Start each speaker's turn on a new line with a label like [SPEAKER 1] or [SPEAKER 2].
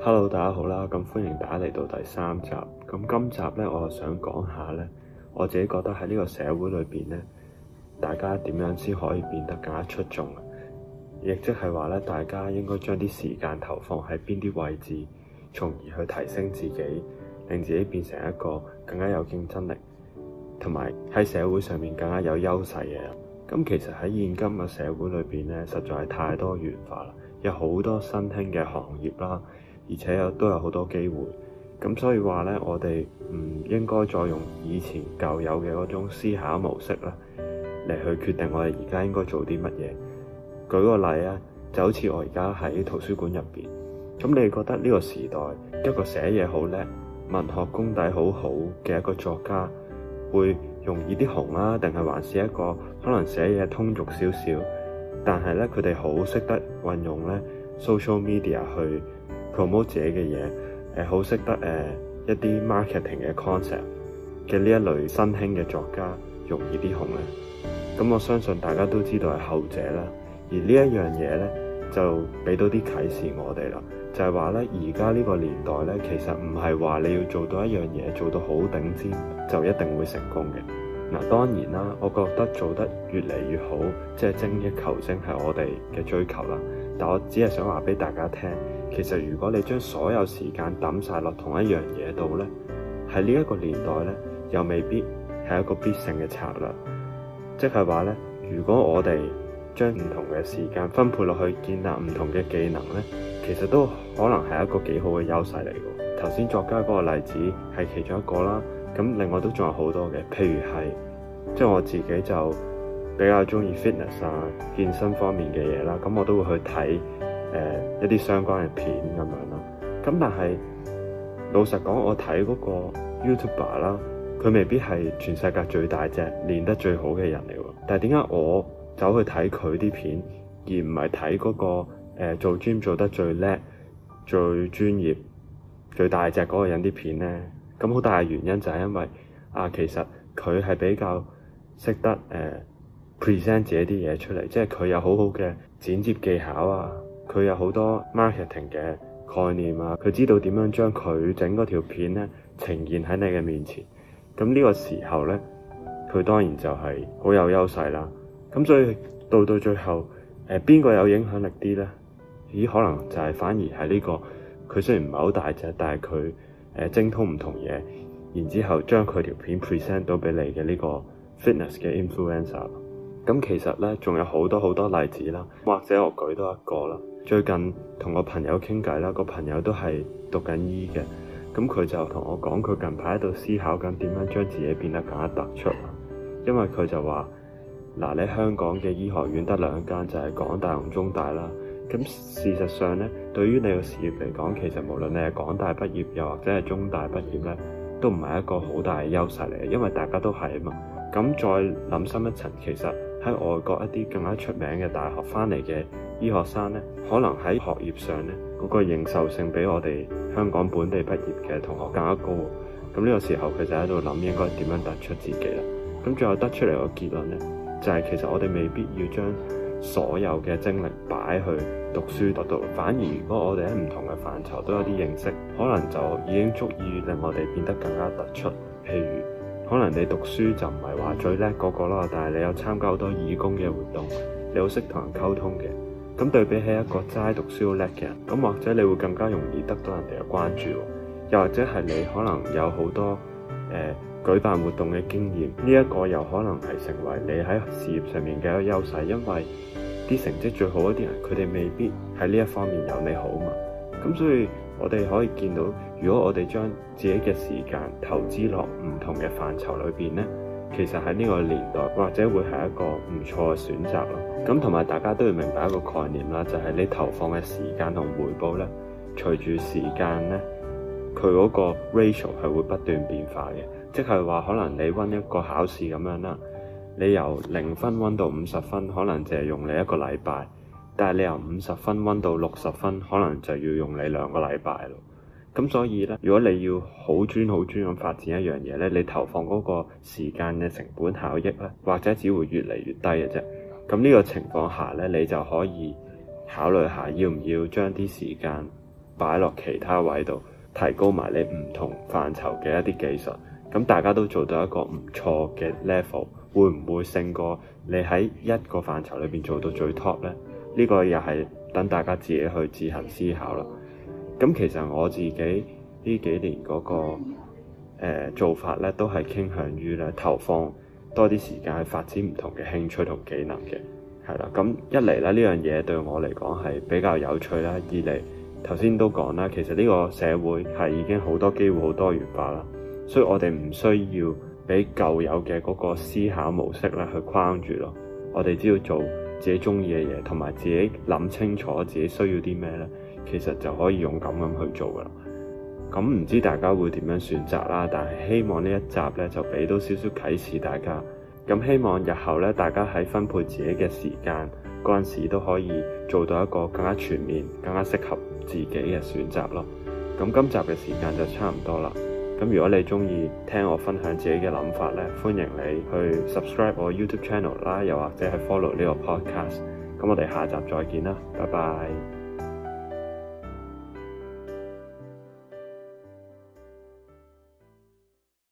[SPEAKER 1] Hello，大家好啦，咁歡迎大家嚟到第三集。咁今集呢，我係想講下呢，我自己覺得喺呢個社會裏邊呢，大家點樣先可以變得更加出眾，亦即係話呢，大家應該將啲時間投放喺邊啲位置，從而去提升自己，令自己變成一個更加有競爭力，同埋喺社會上面更加有優勢嘅人。咁其實喺現今嘅社會裏邊呢，實在係太多元化啦，有好多新興嘅行業啦。而且有都有好多機會，咁所以話呢，我哋唔應該再用以前舊有嘅嗰種思考模式啦，嚟去決定我哋而家應該做啲乜嘢。舉個例啊，就好似我而家喺圖書館入邊，咁你覺得呢個時代一個寫嘢好叻、文學功底好好嘅一個作家會容易啲紅啦，啊，定係還是一個可能寫嘢通俗少少，但係呢，佢哋好識得運用呢 social media 去。promote 自己嘅嘢，誒好識得誒、呃、一啲 marketing 嘅 concept 嘅呢一類新興嘅作家容易啲紅咧？咁我相信大家都知道係後者啦。而呢一樣嘢咧，就俾到啲啟示我哋啦，就係話咧，而家呢個年代咧，其實唔係話你要做到一樣嘢做到好頂尖就一定會成功嘅。嗱、啊，當然啦，我覺得做得越嚟越好，即係精益求精係我哋嘅追求啦。但我只係想話俾大家聽，其實如果你將所有時間抌晒落同一樣嘢度呢，喺呢一個年代呢，又未必係一個必勝嘅策略。即係話呢，如果我哋將唔同嘅時間分配落去建立唔同嘅技能呢，其實都可能係一個幾好嘅優勢嚟嘅。頭先作家嗰個例子係其中一個啦，咁另外都仲有好多嘅，譬如係，即係我自己就。比較中意 fitness 啊，健身方面嘅嘢啦，咁我都會去睇誒、呃、一啲相關嘅片咁樣啦。咁但係老實講，我睇嗰個 YouTuber 啦，佢未必係全世界最大隻練得最好嘅人嚟喎。但係點解我走去睇佢啲片，而唔係睇嗰個、呃、做 gym 做得最叻、最專業、最大隻嗰個人啲片呢？咁好大嘅原因就係因為啊，其實佢係比較識得誒。呃 present 自己啲嘢出嚟，即係佢有好好嘅剪接技巧啊，佢有好多 marketing 嘅概念啊，佢知道點樣將佢整個條片咧呈現喺你嘅面前。咁呢個時候咧，佢當然就係好有優勢啦。咁所以到到最後誒邊個有影響力啲咧？咦，可能就係反而係呢個，佢雖然唔係好大隻，但係佢誒精通唔同嘢，然之後將佢條片 present 到俾你嘅呢個 fitness 嘅 influencer。咁其實咧，仲有好多好多例子啦，或者我舉多一個啦。最近同個朋友傾偈啦，個朋友都係讀緊醫嘅，咁佢就同我講，佢近排喺度思考緊點樣將自己變得更加突出，因為佢就話：嗱，你香港嘅醫學院得兩間，就係港大同中大啦。咁事實上咧，對於你個事業嚟講，其實無論你係港大畢業，又或者係中大畢業咧，都唔係一個好大嘅優勢嚟嘅，因為大家都係啊嘛。咁再諗深一層，其實。喺外國一啲更加出名嘅大學翻嚟嘅醫學生呢，可能喺學業上呢，嗰個認受性比我哋香港本地畢業嘅同學更加高。咁呢個時候佢就喺度諗應該點樣突出自己啦。咁最後得出嚟個結論呢，就係其實我哋未必要將所有嘅精力擺去讀書度。讀、讀，反而如果我哋喺唔同嘅範疇都有啲認識，可能就已經足以令我哋變得更加突出。譬如，可能你讀書就唔係話最叻個個啦，但係你有參加好多義工嘅活動，你好識同人溝通嘅。咁對比起一個齋讀書好叻嘅人，咁或者你會更加容易得到人哋嘅關注，又或者係你可能有好多誒、呃、舉辦活動嘅經驗，呢、這、一個又可能係成為你喺事業上面嘅一個優勢，因為啲成績最好一啲人，佢哋未必喺呢一方面有你好嘛。咁所以。我哋可以見到，如果我哋將自己嘅時間投資落唔同嘅範疇裏邊呢，其實喺呢個年代或者會係一個唔錯嘅選擇咯。咁同埋大家都要明白一個概念啦，就係你投放嘅時間同回報呢，隨住時間呢，佢嗰個 ratio 係會不斷變化嘅。即係話可能你温一個考試咁樣啦，你由零分温到五十分，可能淨係用你一個禮拜。但係你由五十分温到六十分，可能就要用你兩個禮拜咯。咁所以呢，如果你要好專好專咁發展一樣嘢呢，你投放嗰個時間嘅成本效益呢，或者只會越嚟越低嘅啫。咁呢個情況下呢，你就可以考慮下要唔要將啲時間擺落其他位度，提高埋你唔同範疇嘅一啲技術。咁大家都做到一個唔錯嘅 level，會唔會勝過你喺一個範疇裏邊做到最 top 呢？呢個又係等大家自己去自行思考啦。咁其實我自己呢幾年嗰個、呃、做法呢，都係傾向於咧投放多啲時間去發展唔同嘅興趣同技能嘅，係啦。咁一嚟咧呢樣嘢對我嚟講係比較有趣啦。二嚟頭先都講啦，其實呢個社會係已經好多機會好多元化啦，所以我哋唔需要俾舊有嘅嗰個思考模式啦去框住咯。我哋只要做自己中意嘅嘢，同埋自己諗清楚自己需要啲咩呢，其實就可以勇敢咁去做噶啦。咁、嗯、唔知大家會點樣選擇啦？但係希望呢一集呢，就俾到少少啟示大家。咁、嗯、希望日後呢，大家喺分配自己嘅時間嗰陣時都可以做到一個更加全面、更加適合自己嘅選擇咯。咁、嗯、今集嘅時間就差唔多啦。咁如果你鍾意聽我分享自己嘅諗法呢，歡迎你去 subscribe 我 YouTube channel 啦，又或者係 follow 呢個 podcast。咁我哋下集再見啦，拜拜。